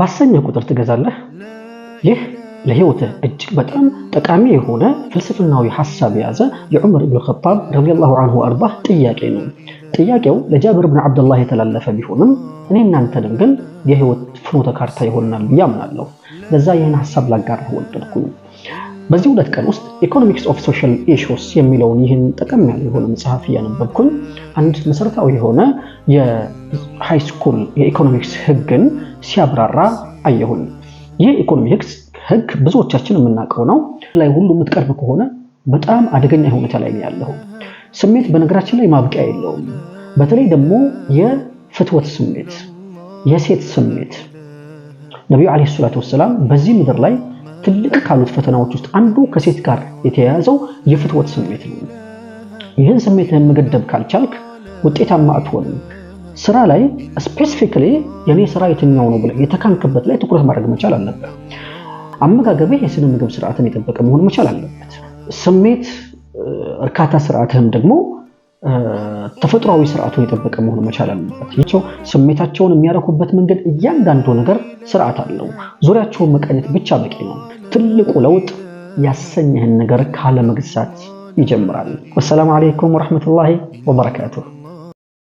ባሰኘ ቁጥር ትገዛለህ። ይህ ለህይወት እጅግ በጣም ጠቃሚ የሆነ ፍልስፍናዊ ሐሳብ የያዘ የዑመር ኢብኑ ኸጣብ ረዲየላሁ ዐንሁ አርባ ጥያቄ ነው። ጥያቄው ለጃብር ብን ዓብደላህ የተላለፈ ቢሆንም እኔ እናንተንም ግን የህይወት ፍኖተ ካርታ ይሆናል ብዬ አምናለሁ። ለዛ ይህን ሐሳብ ላጋር ወደድኩኝ። በዚህ ሁለት ቀን ውስጥ ኢኮኖሚክስ ኦፍ ሶሻል ኢሹስ የሚለውን ይህን ጠቀም ያለ የሆነ መጽሐፍ እያነበብኩኝ አንድ መሰረታዊ የሆነ የሃይስኩል የኢኮኖሚክስ ህግን ሲያብራራ አየሁኝ። ይህ ኢኮኖሚክስ ህግ ብዙዎቻችን የምናውቀው ነው። ላይ ሁሉ የምትቀርብ ከሆነ በጣም አደገኛ ሁኔታ ላይ ያለው ስሜት በነገራችን ላይ ማብቂያ የለውም። በተለይ ደግሞ የፍትወት ስሜት፣ የሴት ስሜት ነቢዩ ዓለይሂ ሰላቱ ወሰላም በዚህ ምድር ላይ ትልቅ ካሉት ፈተናዎች ውስጥ አንዱ ከሴት ጋር የተያያዘው የፍትወት ስሜት ነው። ይህን ስሜት መገደብ ካልቻልክ ውጤታማ አትሆንም። ስራ ላይ ስፔሲፊክሊ የኔ ስራ የትኛው ነው ብለህ የተካንክበት ላይ ትኩረት ማድረግ መቻል አለበት። አመጋገብህ የስነ ምግብ ስርዓትን የጠበቀ መሆን መቻል አለበት። ስሜት እርካታ ስርዓትህም ደግሞ ተፈጥሯዊ ስርዓቱን የጠበቀ መሆን መቻል አለበት። ይቸው ስሜታቸውን የሚያረኩበት መንገድ እያንዳንዱ ነገር ስርዓት አለው። ዙሪያቸውን መቃኘት ብቻ በቂ ነው። ትልቁ ለውጥ ያሰኘህን ነገር ካለመግዛት ይጀምራል። ወሰላሙ አለይኩም ወረሕመቱላሂ ወበረካቱሁ።